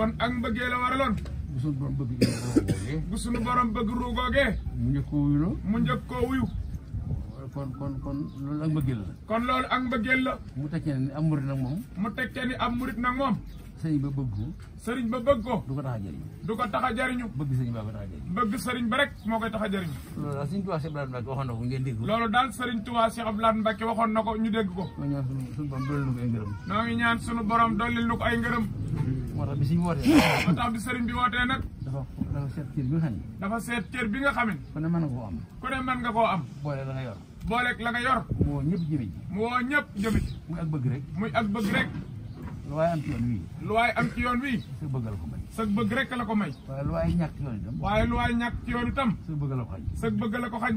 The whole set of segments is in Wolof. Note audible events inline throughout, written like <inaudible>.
kon ak mbëggee la waraloon. bu sunu borom bëgg ruugoogee. bu mu njëkk koo wuyu la. mu njëkk koo wuyu. kon kon loolu ak mbëggeel la. kon loolu ak mbëggeel la. mu tekkee ni am murit nag moom. mu tekkee ni am murit nag moom. sëriñ ba sering ko sëriñ ba bëgg ko du ko tax a jëriñu du ko tax a jëriñu bëgg sëriñ ba ko tax a jëriñu bëgg sëriñ ba rek moo koy tax a jëriñu loolu daal sëriñ Tuubaa Cheikh Abdoulaye Mbacke waxoon na ko ngeen dégg ko loolu daal sëriñ Tuubaa Cheikh Abdoulaye Mbacke waxoon na ko ñu dégg ko noo ngi ñaan suñu borom dollil nu ko ay ngërëm moo tax bi sëriñ wootee moo bi sëriñ bi wootee nag dafa bi dafa bi nga ne nga am ne nga am boole la nga yor la nga yor muy ak bëgg rek muy ak bëgg rek lu waay am ci yoon wi lu waay am ci yoon wi sa bëgg la ko may sa bëgg rek la ko may waaye lu waay ñàkk ci yoon itam waaye lu waay ñàkk ci yoon itam sa bëgg la ko xañ sa bëgg la ko xañ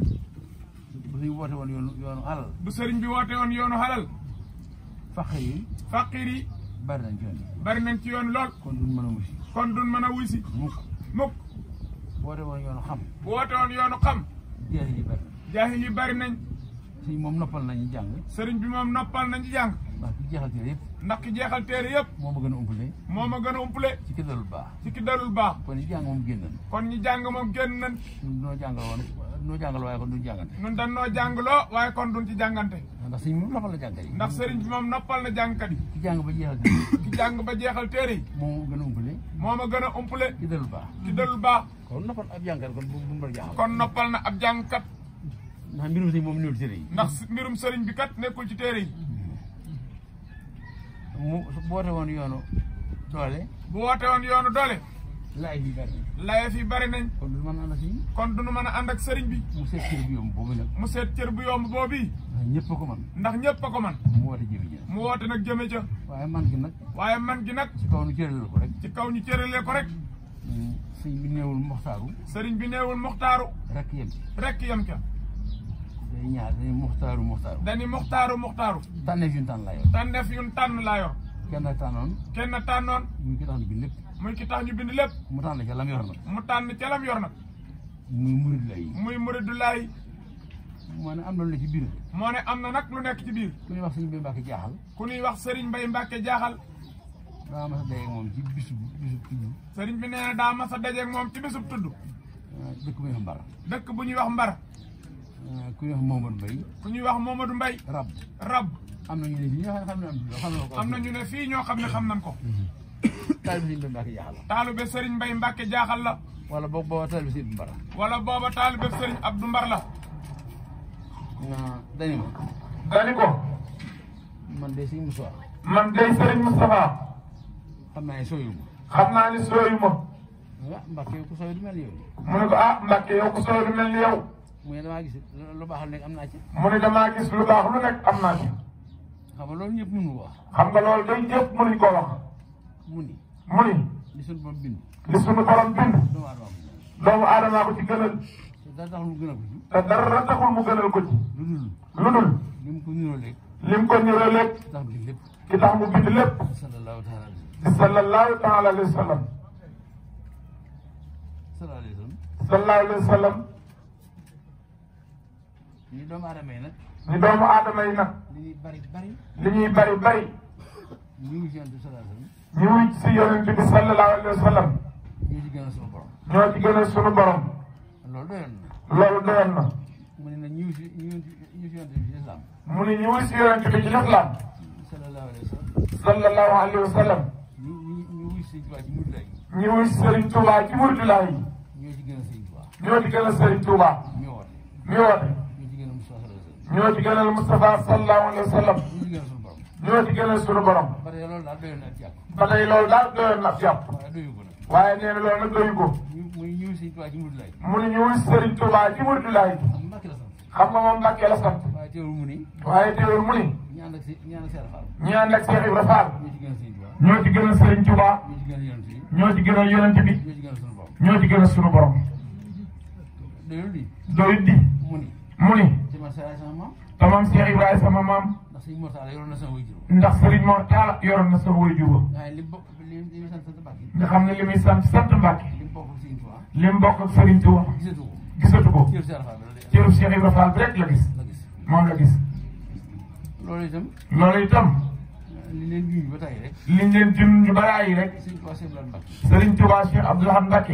bu sëriñ bi woote woon yoonu yoonu xalal bu sëriñ bi woote woon yoonu xalal faqir yi faqir nañ ci yoon bari nañ ci yoon lool kon duñ mën a kon duñ mën a wusi mukk mukk woote woon yoonu xam woote woon yoonu xam jaahil yi bari jaahil yi bari nañ sëriñ moom noppal nañu jàng sëriñ bi moom noppal nañu jàng ndax ki jeexal téere yëpp ndax ki jeexal téere yëpp moo ma gën a umpale moo ma gën a umpale ci ki dalul baax ci ki dalul baax kon ñi jàng moom génn kon ñi jàng moom génn nañ ñun noo jàngal noo jàngal waaye kon duñ jàngante ñun dañ noo jàngaloo waaye kon duñ ci jàngante ndax sëriñ bi moom noppal na jàngkat ndax sëriñ bi moom noppal na jàngkat yi jàng ba jeexal téere ki ba jeexal téere yi gën a umpale moo ma gën a umpale ki dalul baax ki dalul baax kon noppal ab jàngkat kon bu mu jàngal kon noppal na ab jàngkat ndax mbirum sëriñ moom néewul téere yi ndax mbirum sëriñ bi kat nekkul ci téere yi mu boote woon yoonu doole. bu woote woon yoonu doole. laay fi bari nañ. bari nañ. kon du ñu mën a ànd ak sëriñ. kon du ñu mën a ànd ak sëriñ bi. mu seet cër bu yomb boobu nag. mu seet cër bu yomb boobu. ndax ñëpp ko man ndax ñëpp ko man mu woote mu woote nag jëme ja. waaye man gi nag. waaye man gi nag. ci kaw ñu cëralee ko rek. ci kaw ñu cëralee ko rek. Mm, sëriñ bi neewul moxtaaru. sëriñ bi neewul moxtaaru. rek yem ca. rek yem ca. day ñaar day muxtaaru muxtaaru. dañuy muxtaaru muxtaaru. tànneef yun tànn laa yor. tànneef yun tànn laa yor. kenn tànnoon. kenn tànnoon. muy ki tax ñu bind lépp. muy ki tax ñu bind lépp. mu tànn ca lam yor nag. mu tànn muy muridulaay. muy muridulaay. moo ne am na lu ne ci biir. moo am na nag lu nekk ci biir. ku ñuy wax Serigne Mbaye Mbacke jaaxal. ku ñuy wax Serigne Mbaye Mbacke jaaxal. daa mas a dajeeg moom ci bisub bi nee na daa mas moom ci bisub tudd. Ah, dëkk bu ñuy wax dëkk bu ñuy wax Mbar. Euh, ku ñuy wax Momadou Mbaye. ku ñuy wax Momadou Mbaye. rab rab. am na ñu ne fii ñoo xam ne xam nañ ko. am na ñu fii ñoo xam ne xam nañ ko. <coughs> taalibe Serigne Mbaye Mbacke jaaxal la. taalibe Serigne jaaxal la. wala boobu booba taalibe Serigne Mbar. wala booba taalibe Serigne Abdou Mbar la. dañu ko. dañu ko. man de Serigne Moustapha. man de Serigne Moustapha. xam naa ne sooyuma. xam naa sooyuma. ah Mbacke ku sooy du mel ni mu ne damaa gis lu baax lu nekk am naa ci. mu ne damaa gis lu baax lu nekk am naa ci. xam nga loolu ñëpp mënuñu ko wax. xam nga loolu day ñëpp mënuñu koo wax. mu ni. mu ni. li sunu borom bind. li sunu borom bind. doomu aadama doomu aadama ko ci gënal. te dara taxul mu gënal ko ci. te dara taxul mu gënal ko ci. lu dul. lu dul. li mu ko niroo lépp. li mu ko niroo lépp. ki tax mu bind lépp. ki tax mu bind lépp. sallallahu taala alayhi wa sallam. sallallahu taala alayhi wa sallam. sallallahu alayhi wa sallam. li doomu aadama yi nag. li doomu aadama yi nag. li ñuy bari bari. li ñuy bari bari. ñu ngi si yonent bi sallallahu alayhi wa sallam. ñu ngi si yonent bi sallallahu alayhi wa sallam. ñoo ci gën a sunu borom. ñoo ci gën a sunu borom. loolu doyoon na. loolu doyoon na. mu ne nag ñu ngi si ñu ngi si yonent bi ci lislaam. mu ne ñu ngi si yonent bi ci lislaam. sallallahu alayhi wa sallam. sallallahu alayhi wa sallam. ñu ñu ñu wuy Sëriñ Tuubaa ci Murtulaay. ñu wuy Sëriñ Tuubaa ci Murtulaay. ñoo ci gën a Sëriñ Tuubaa. ñoo ci gën a Sëriñ Tuubaa. mi woote. ñoo ci gënal a sallallahu alayhi wa sallam ñoo ci gënal suñu borom ba tey loolu daal doyoon na ab jàpp ba tey ko mu ne ñëw Serigne Touba ci Mouride Laye mu ne ñëw Serigne ci Mouride Laye xam nga moom Mbàkke sant waaye teewul mu ni waaye teewul mu ni ñi ànd ak ñi ànd ak Cheikh Ibra Fall ñoo ci a Serigne Touba ñoo ci gënal yonent bi ñoo ci gënal suñu borom doyul di mu تمام سي ابراهيم سما مام دا سي مورتال يورن نسا ويجو دا سي مورتال يورن نسا ويجو دا خامني لي مي سانت سانت باكي لي مبوك سيرين توبا لي مبوك سيرين توبا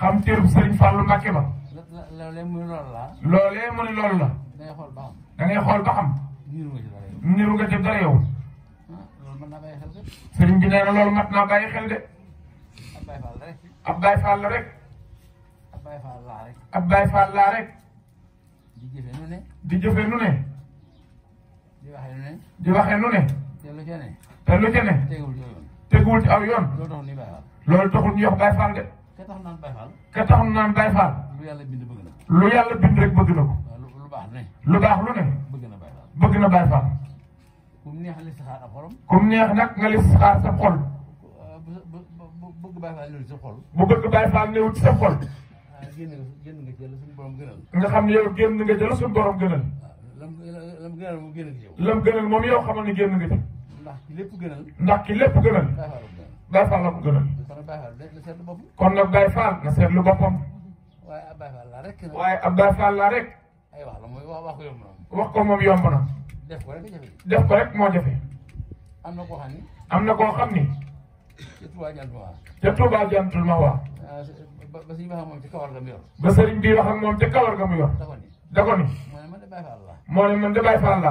xam téerub Serigne Fallou Mbacké ba. loolee mu ne loolu la. ne xool ba xam. da ngay xool ba xam. niru nga dara yow. Ah, Serigne bi nee na loolu mat naa bàyyi xel de. ab Baye Fall la rek. ab Baye Fall rek. di jëfe nu ne. di jëfe nu ne. di waxee nu nu ne. te lu ca ne. te lu ca ne. teguwul ci wax de. ka tax naan Baye Fall. ka tax naan Baye Fall. lu yàlla bind bëgg na. lu yàlla bind rek bëgg na ko. lu baax ne. lu baax lu ne. bëgg na Baye Fall. bëgg na Baye Fall. ku neex li saxaar ak xolam. ku neex nag nga li saxaar sa xol. bu bëgg Baye Fall néew ci sa xol. bu bëgg Baye Fall néew ci sa xol. génn nga génn nga jël suñu borom gënal. nga xam ne yow génn nga jël suñu borom gënal. lam lam gënal moom génn nga ci yow. lam gënal moom yow xamal ni génn nga ci. ndax ki lépp gënal. ndax ki lépp gënal. Baye Fall la ko gënal. kon nag Baye Fall na seetlu boppam. waaye ab Baye Fall la rek. waaye ab Baye la rek. wax ko moom yomb na. def ko rek jafe. def ko rek moo jafe. am na koo xam am na koo xam ni. ca Touba ah, ba ba sëriñ bi wax ak moom ca kawar ga mu yor. ba sëriñ bi wax ak moom ca kawar ga mu yor. da ko ni. moo ne man de la.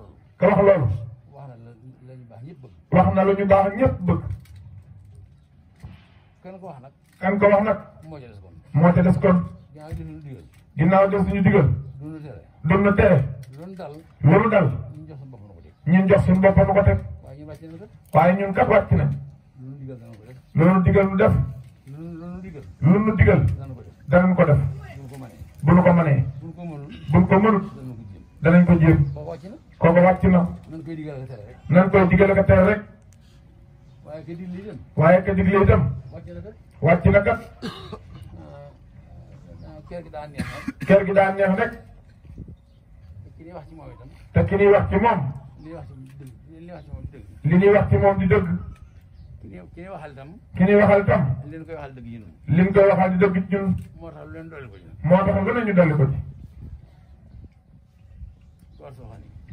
te wax loolu wax na lu ñu baax ñëpp bëgg kan ko wax nag kan ko wax nag moo ca des kon moo ca des kon ginnaaw def suñu digal doon na tere loolu dal ñun jox suñu boppam ko teg waaye ñun kat wàcc na loolu digal def ko def bu ko bu ko mënul ko kooku wàcc na. nan koy digal ak tere rek. nan koy digal ak tere rek. waaye ka digle itam. waaye ka digle itam. wàcc na kat. wàcc na kat. <coughs> Ah, kër gi daa neex rek. kër gi daa neex rek. te ki ñuy wax ci moom itam. te ki ñuy wax ci moom. li ñuy wax ci moom di dëgg. ki ñuy waxal tam. ki ñuy waxal tam. li ñu koy waxal dëgg ñun. li ñu koy waxal di dëgg ñun. moo tax lu leen dolli ko ci. moo tax lu leen ñu dolli ko ci.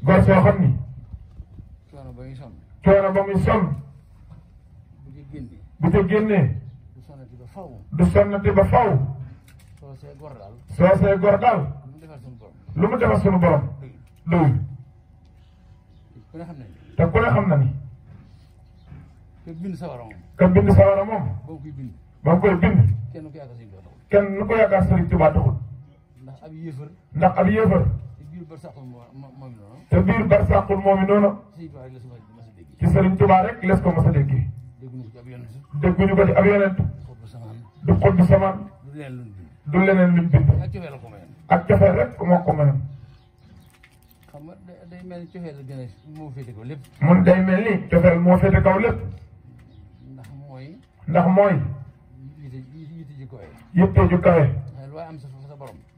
góor soo xam ni. coono ba muy sonn. coono ba muy sonn. bu ci génnee. bu ci génnee. du sonnati ba faw. ba faw. soo see góor daal. lu mu defal sunu borom. lu mu te ku ne xam na ni. ka bind sawara moom. ka bind sawara moom. ba kenn ku yaakaar Sëriñ kenn ku yaakaar Sëriñ Tuubaa taxul. ndax ab yéefar. ndax ab te biir barsàqul moom it noonu ci Sëriñ Tuubaa rek ko mos a dégg dégguñu ko ci ab yonent du sa samaan du leneen luñ bind ak cofeel rek moo ko mënoon. day mel ni cofeel gën a moo féete kaw lépp. mun day mel ni cofeel moo féete kaw lépp. ndax mooy. ndax mooy. yitte ji kawe. yitte ju kawe.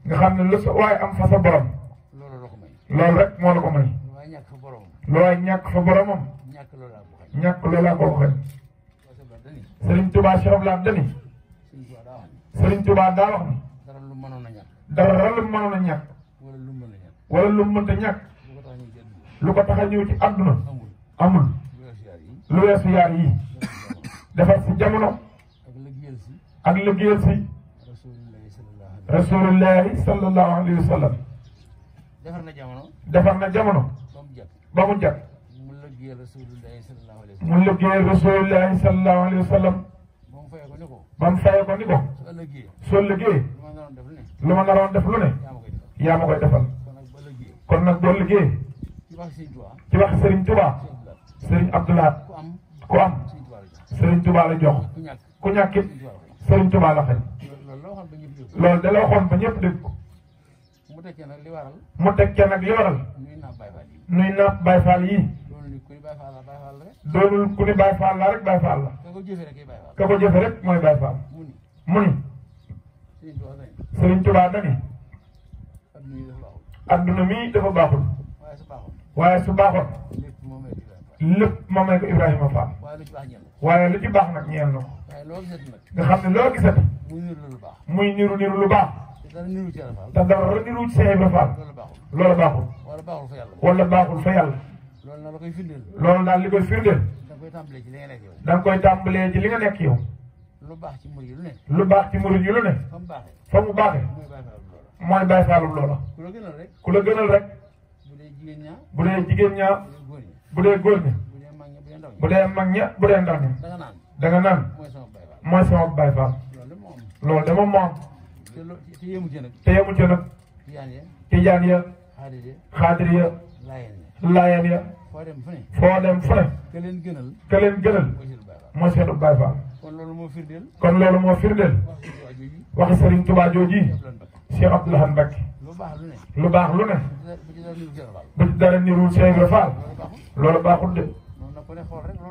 nga xam ne lu sa waaye am fa sa Lorak rek moo la nyak may. loo ñàkk fa boromam. ñàkk loola ko xañ. Serigne Touba Cheikh Lam dani. Serigne Touba daa wax ni. dara lu mënoon a ñàkk. dara lu mënoon a ñàkk. wala lu mënta ñàkk. lu ko ci àdduna. amul. lu weesu yaar yi. jamono. ak sallallahu alaihi wasallam. defar na jamono. defar na jamono. ba mu jag ba mu jag. mu lëggee rasulullahi sallallahu alayhi mu lëggee rasulullahi sallallahu ko ni ko. ba mu fayee ko ni ko. lu ma naroon def yaa ma koy defal. kon nag boo lëggee. ci wax Serigne Touba. Serigne Abdoulaye. ko am. Serigne Touba la jox. ku ñàkk it Serigne Touba la xëy. loolu da la waxoon ba ñëpp dégg ko. mu teg ca nag li waral. mu teg ca nag li waral. nuy naaf Baye Fall yi. nuy naaf Baye Fall yi. doonul ku ni Baye Fall la Baye Fall la rek. doonul ku ni Baye Fall la ka ko jëfe rek Baye Fall. ka ko jëfe rek mooy Baye Fall. mu ni. su baaxoon. lépp moom la ko Ibrahima Fall. waaye lu ci baax nag ñeel na ko. nga muy niru niru lu baax. dara niru ci Ibra Fall ndax dara niru ci Ibra Fall loolu baaxul wala baaxul fa yàlla loolu daal li koy firndeel da nga koy tàmbalee ci li nga nekk yow da nga koy tàmbalee ci li nga lu baax ci murid yi lu ne lu baax ci murid yi lu ne fa mu baaxee fa mu baaxee mooy Baay Faalum loola ku la gënal rek bu dee jigéen ñaa bu dee jigéen ñaa bu dee góor ñi bu dee mag ña bu dee ndaw ña da nga naan mooy sama Baay Faal loolu de moom moo am te loo te yemu ca nag. te yemu ca nag. tijaan ya. tijaan ya. xaadir ya. xaadir ya. laayeen ya. laayeen ya. foo dem fu ne. foo dem fu ne. ka leen gënal. ka leen gënal. mooy seetu Baay Faal. kon loolu moo firndeel. kon loolu moo firndeel. wax Serigne Touba jooji. Cheikh Abdoul Ahad Mbacké. lu baax lu ne. lu baax lu ne. bu ci dara niru Cheikh Ibra Fall. loolu baaxul de.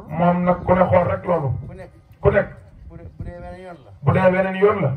moom nag ku ne xool rek loolu. ku nekk. bu dee weneen yoon la. bu dee weneen yoon la.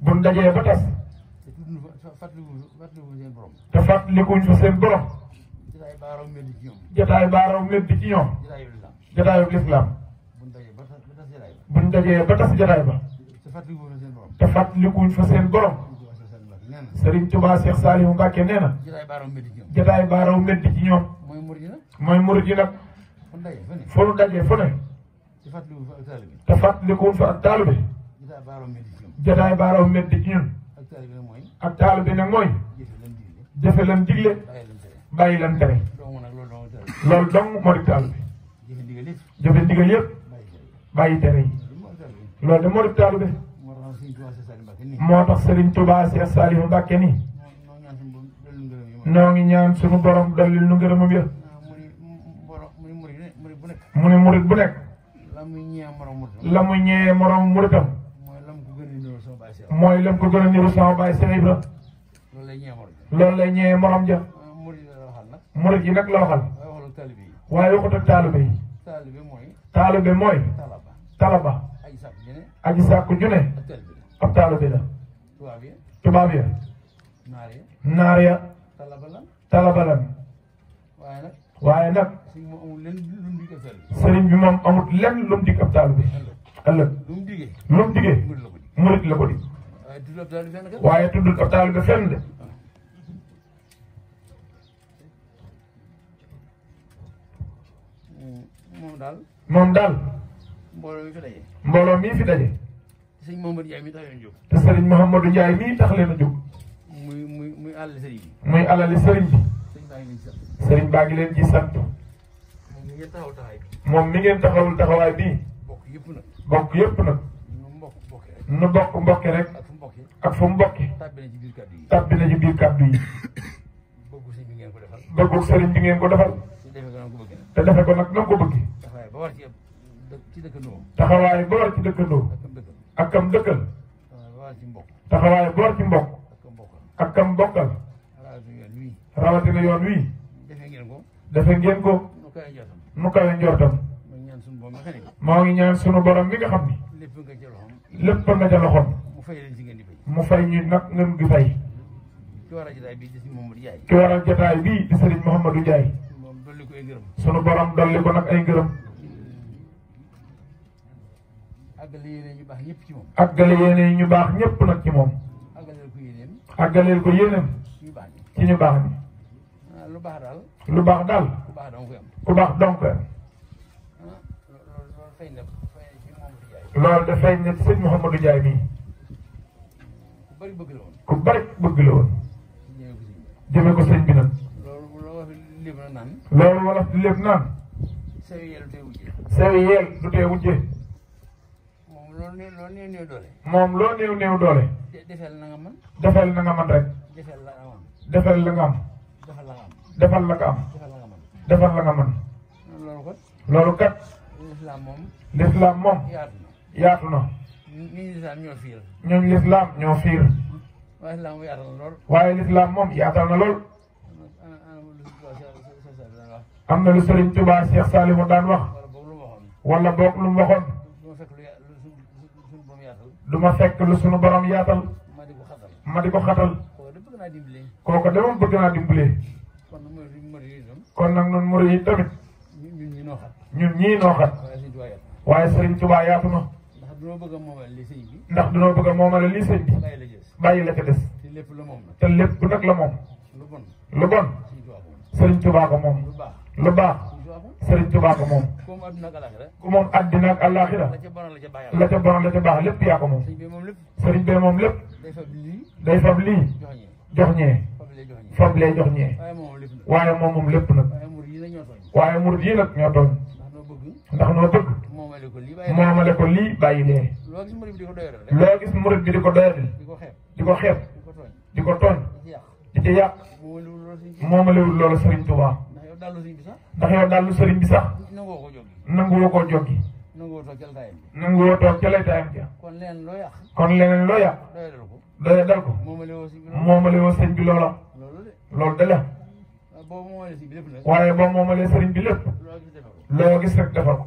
buñ dajee ba tas. te fàttalikuñ fa seen borom. jotaay baaraw medd ci ñoom. jotaay baaraw medd ci ñoom. jotaayu lislaam. buñ dajee ba tas jotaay ba. te fàttalikuñ fa seen borom. Serigne Touba Cheikh Saliou Mbacké nee na. jotaay baaraw medd ci ñoom. mooy murid yi nag. fu nu dajee fu ne. te fàttalikuñ fa ak taalu bi. jotaay baaraam métti ci ñun. ak taal bi nag mooy. jëfe lam digle. bàyyi lam tere. loolu dong moo di taal bi. jëfe ndigal yëpp. bàyyi tere yi. loolu de moo di taal bi. moo tax Serigne Touba Cheikh Saliou Mbacké nii. noo ngi ñaan suñu borom dolli nu ngërëmam yëpp. mu ne murit bu la mu ñee morom muritam. mooy lam ko gën a niru sama baay Cheikh Ibra loolu lay ñëwee morom ja ah, murit yi nag la waxal waaye waxut ak yi taalibe mooy talaba aji sàkku ju ab taalibe la tubaab ya naar ya talaba lan waaye nag sëriñ bi moom amut lenn lu mu dig ab taalibe ëllëg lu mu digee murit la ko dig waaye tuddul ab taalibe fenn de hmm, moom daal moom daal mbooloo mi fi daje mbooloo mii fi daje sëñ Mouhamadou te sëriñ Mouhamadou Ndiaye mii tax leen a jóg muy muy muy alali sëriñ muy alali sëriñ bi sëriñ baa ngi leen ci sant moom mi ngeen taxawul taxawaay bii bokk yëpp nag nu bokk mbokke rek ak fu mu bokkee tàbbi na ci biir kàddu yi bëggu sëriñ bi ngeen dapat defal te defe ko nag na ko bëggee taxawaay ba war ci dëkkandoo tak kam dëkkal taxawaay ba war ci mbokk ak kam bokkal rawatina yoon wii defe ngeen ko nu kawe njortam moo ngi ñaan sunu borom mi mu fay ñu nag ngëm gi fay. ki waral jotaay bii di Serigne Momadou Ndiaye. ki waral jotaay bii di Serigne Mohamadou Ndiaye. sunu borom ko nag ay ngërëm. àggale yéene ñu baax ñëpp ci moom. àggale yéene baax ñëpp nag ci moom. àggaleel ko yéeneem. àggaleel ci ñu baax ñi. Ah, lu baax daal. lu baax daal. ku baax donc baax donc am. Ah, loolu dafay nekk Serigne Mohamadou Ndiaye mii. bari bëgg la woon ku bari bëgg la woon jëmee ko sëñ bi nag loolu wala di naan sew yeel du tee wujje sew yeel du tee wujje moom loo néew loo néew néew doole moom loo néew néew doole defal na nga man defal nga man rek defal la nga am defal la nga am defal la nga am defal la nga man loolu kat lislaam moom moom yaatu na ñun lislaam ñoo fiir. ñoom lislaam ñoo fiir. waaye lislaam yaatal na lool. waaye lislaam moom yaatal na lool. am na lu Sëriñ Tuubaa Cheikh Saliou daan wax. wala boog lu mu waxoon. du ma fekk lu sunu borom yaatal. ma di ko xatal. kooku de moom bëgg naa dimbali. kon nag ñun murid yi tamit. ñun ñii noo waaye Sëriñ Tuubaa yaatu danoo bëgg a moomale li sëñ bi. ndax danoo bëgg a moomale li sëñ bi. bàyyi la des bàyyi la ca des. te lépp la moom te lépp nag la moom. lu bon lu bon. sëriñ Tuubaa ko moom. lu baax sëriñ Tuubaa moom. ku moom addina ak alaaxira. la ca bon la ca baax la ca bon la ca baax lépp yaa ko moom. sëriñ bi moom lépp. day fab lii. jox ñee. fab lee jox ñee. waaye moom moom lépp nag. waaye murid yi nag ñoo tooñ. ndax noo bëgg. moomale ko lii bàyyi lee loo gis murit bi di ko doyal di ko xeeb di ko xeeb di ko tooñ di ci yàq moomalewul loolu sëriñ Tuubaa ndax yow daal lu sëriñ bi sax nanguwoo koo joggi nanguwoo toog ca lay taayam ja kon leneen loo yàq doya dal ko moomalewoo sëriñ bi loola loolu de la waaye boo moomalee sëriñ bi lépp loo gis rek defar ko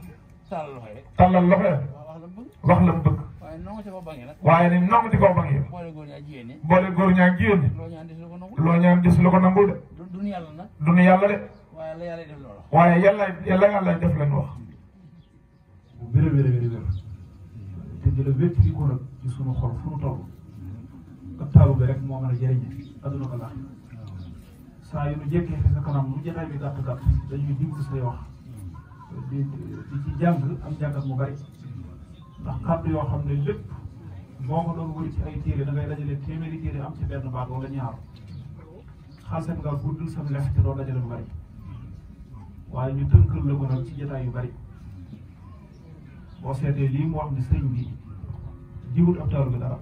tàllal loxo rek wax la mu bëgg waaye nongu ci koo bangee boole góor ñaa jigéen loo ñaan des lu de du nu yàlla de waaye def leen wax bu wér a wér a wér te ci ko nag ci sunu xol fu nu toll ak taalu bi rek moo mën jëriñ adduna ko laax saa yu fi sa kanam bi dañuy say wax di di ci jàng am jàngat mu bari ndax kàddu yoo xam ne lépp boo ko doon wëri ci ay téere da ngay dajale téeméeri téere am ci benn baat wala ñaar xalset nga guddul sam lef te doo dajale lu bari waaye ñu tënkal la ko nag ci jotaay yu bari boo seetee lii mu wax ni sëñ bi jiwut ab taaru bi dara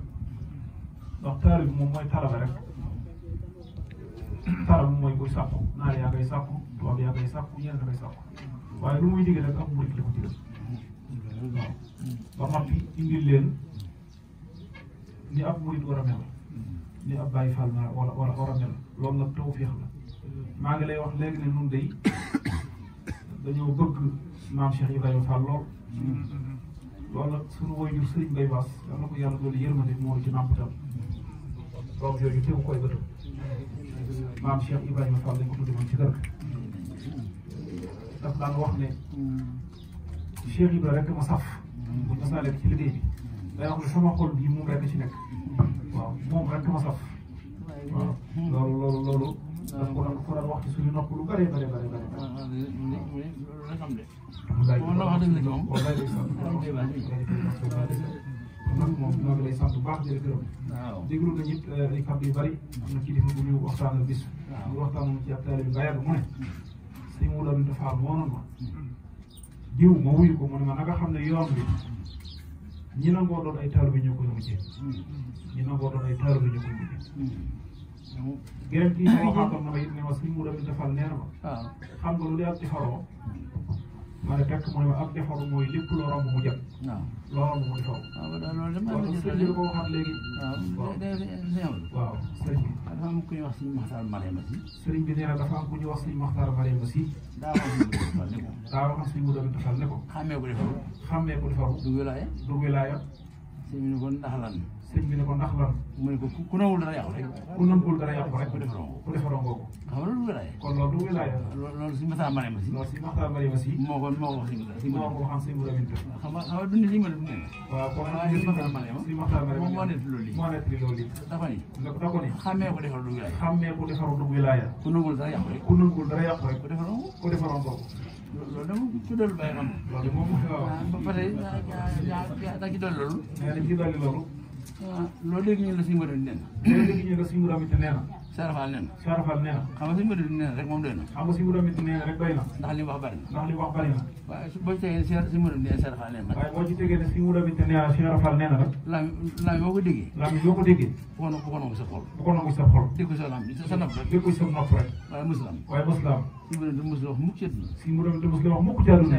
ndax taaru bi moom mooy talaba rek talab mooy koy sàkku naar yaa koy sàkku tubaab yaa koy sàkku ñeneen koy sàkku waaye lu muy digal rek am murid la ko digal waaw ba noppi ni ab murid war a mel ni ab Baay Faal ma wala wala war a mel loolu nag tawfeex la maa ngi lay wax léegi ne nun day dañoo bëgg maam Cheikh Ibrahima Fall lool loolu nag suñu waajur sëriñ Bay Baas yal na ko yàlla doolu yërmande moo ci nàmpatal doom yooyu teew koy bëtu maam Cheikh Ibrahima Fall lañ ko tudde woon ci kër daf daan wax ne hmm. Cheikh Ibra rek ma saf bu hmm. mas naa nekk ci liggéey bi hmm. day wax ne sama xol bii moom rek ci nekk waaw moom rek ma saf waaw loolu loolu loolu daf ko daan ko daan wax ci suñu nopp lu bëree bëri bëri bëri nag moom ñoo ngi lay sant bu baax di la gërëm déglu nañu euh, it ay kàddu yu bëri am na kii di bu ñu waxtaan bis ñu waxtaan ci ab taalibe bi ba yàgg mu ne li mu doon defaat woonoon ma diw ma wuyu ko ma na nga xam ne yoon bi ñi nangoo doon ay taalibe ñoo koy mujjee ñi nangoo doon ay taalibe ñoo koy mujjee gërëm hmm. kii hmm. waxaatoon ne ma si mu doon defal nee na ma ah. xam nga lu dee ak ci faroo waaye fekk mu ne ma ak defaru mooy lépp loo romb mu jëm. waaw loo romb mu defaru. waaw loolu de maa ngi lay def kon xam léegi. waaw day day waaw sëriñ bi. dafa am ku ñuy wax suñu maxtaar Mariama si. sëriñ bi nee na dafa am ku ñuy wax suñu maxtaar Mariama si. daa wax suñu mu doon defal ne ko. xàmmee ko defaru. xàmmee ko defaru. du wilaaya. du wilaaya. sëriñ bi kon ndax lan. sëñ bi ne ko ndax lan. mu ne ko ku nawul dara yàqu rek. ku nawul dara yàqu rek. ku defaroo ku defaroo ngoogu. xam nga loolu du wilaaya. kon loolu du wilaaya. loolu si Moussa Mariama si. loolu si Moussa Mariama si. moo ko moo ko wax si Moussa. si moo ko xam si Moussa Binta. xam nga xam nga dund si Moussa Binta. waaw kon waaye si Moussa Mariama. si Moussa Mariama moom moo nekk loolu yi. moo nekk loolu yi. dafa ni. da ko ni. xàmmee ko defaroo du wilaaya. xàmmee ko defaroo du wilaaya. ku nawul dara yàqu rek. ku nawul dara yàqu rek. ku defaroo ku defaroo ngoogu. loolu dama tuddal bay xam. loolu moom waaw. ba pare daa daa daa ci dolli loolu. daa ci dolli loolu. loolu léegi ñu la suñu mbëri nee na loolu léegi ñu la suñu mbëri amit nee na sarafal nee na sarafal nee na xam nga suñu mbëri nee na rek moom doy na xam nga suñu mbëri amit nee na rek doy na ndax li mu wax bari na ndax li mu wax bari na waaye boo ci tegee suñu mbëri nee na sarafal nee na waaye boo ci tegee ne suñu mbëri amit nee na sarafal nee na rek laam laam boo ko déggee laam boo ko déggee bu ko bu ko nangu sa xol bu ko nangu sa xol dégg sa laam sa nopp rek dégg sa nopp rek waaye muslam waaye muslam suñu mbëri du muslim wax mukk ci àdduna suñu mbëri du muslim wax mukk ci àdduna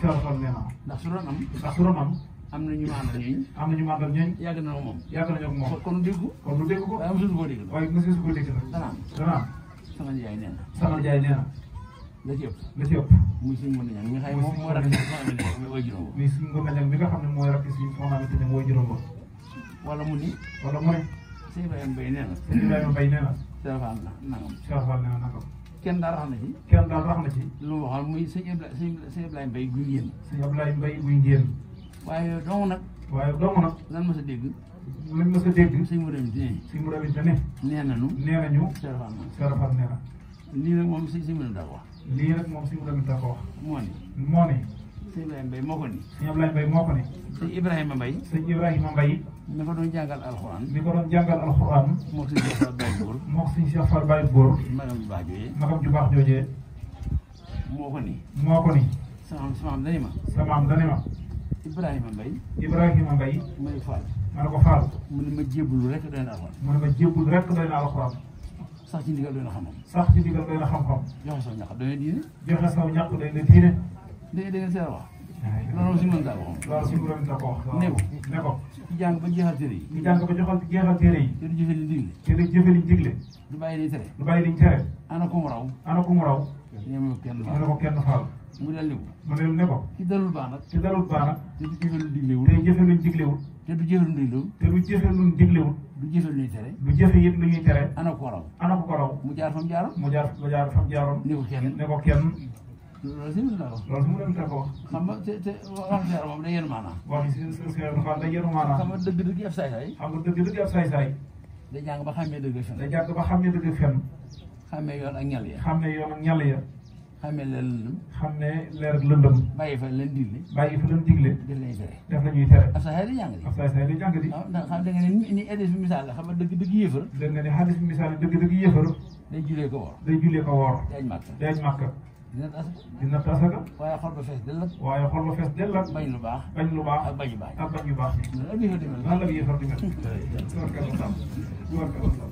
sarafal nee na ndax su doon am ndax su doon am am na ñu ma àndal ñooñ am na ñu ma àndal ñooñ yàgg na moom yàgg na ñoo moom kon déggu kon du dégg ko waaye mosu ko dégg waaye mosu ko dégg nag dana dana sama njaay nee na sama njaay nee na la ci ëpp la ci ëpp muy suñu mën ñaan nga xay moom moo rakk suñu mooy juróom muy suñu ko mel mi nga xam ne mooy rakk suñu soxna bi te mooy juróom wala mu ni wala mu ne sëñ Ibrahima Mbaye nee na sëñ Ibrahima Mbaye nee na na nangam Serafal nee na nangam kenn daal rax ci kenn daal rax ci lu mu waxoon muy sëñ Ibrahima sëñ Ibrahima Mbaye guy ngéen sëñ Ibrahima Mbaye guy ngéen waaye dong nag. waaye dong nag. lan ma sa dégg. lan ma sa dégg. suñ mu rëbbi suñ mu rëbbi ne. nee nañu. nee nañu. Serapal Serapal nee na. lii nag moom si si mu daa ko wax. lii nag moom si mu rëbbi daa ko wax. moo ni. moo ni. sëñ Ibrahima Mbaye moo ko ni. sëñ Ibrahima Mbaye moo ko ni. sëñ Ibrahima Mbaye. sëñ Ibrahima Mbaye. mi ko doon jàngal alxuraan. mi ko doon jàngal alxuraan. moo ko si Cheikh Fall Baye Góor. moo ko si Cheikh Fall Baye Góor. magam ju baax joojee. magam ju baax joojee. moo ko ni. moo ko ni. sama sama am dani ma. sama am dani ma. Ibrahima Mbaye Ibrahima Mbaye ma ne Fall ma ne ko Fall mu ne ma jébbalu rek doy na alxuraan mu ne ma jébbalu rek doy na alxuraan sax ci ndigal doy na xam-xam sax ci ndigal doy na xam-xam joxe saw ñàq doy na diine joxe saw ñàq doy na diine dé dé seen wax loolu si mën daa wax loolu si mën daa ko wax ne ko ne ko ci jàng ba jeexal téere yi ci jàng ba joxal jeexal téere yi te du jëfe liñ digle te du jëfe liñ digle du bàyyi liñ tere du bàyyi liñ tere ana ku mu raw ana ku mu raw yéemoo kenn mu ne ko kenn faal. mu ne mu ne ko. ci dalul baax nag. ci dalul baax nag. te du jëfe lu diglewul. te jëfe lu diglewul. te du jëfe lu diglewul. te du jëfe lu diglewul. du jëfe lu ñuy tere. du jëfe yëpp lu ñuy tere. ana ko raw. ana ko raw. mu jaar fam jaaroon. mu jaar mu jaar fam jaaroon. ne ko kenn ne ko kenn. loolu si la wax. loolu mu ne ko wax. xam nga te te wax si moom day yenu maanaam. wax si si dafa day yenu maanaam. xam nga dëgg-dëgg ab saay-saay. xam nga dëgg-dëgg ab saay-saay. day jàng ba xàmmee dëgg fen. day jàng ba xàmmee dëgg fen xàmmee yoon ak ñal ya. xàmmee yoon ak ñal ya. xàmmee leer lëndëm. xàmmee leer lëndëm. bàyyi fa leen digle. bàyyi fa leen digle. def nañuy tere. def nañuy tere. ab saxaar di jàng di. ab saxaar di jàng di. waaw ndax xam nga ne ni hadis bi misaal la xam nga dëgg dëgg yéefar. dégg nga ne hadis bi misaal dëgg dëgg yéefar. day julee ko woor. day julee ko woor. daaj màkk daaj màkk. dina tas dina tasaka. waaye xol ba fees dell ak. waaye xol ba fees dell ak. bañ lu baax bañ lu baax ak bañ yu baax. ak bañ yu baax. lan la yéefar di mel. lan la yéefar di mel.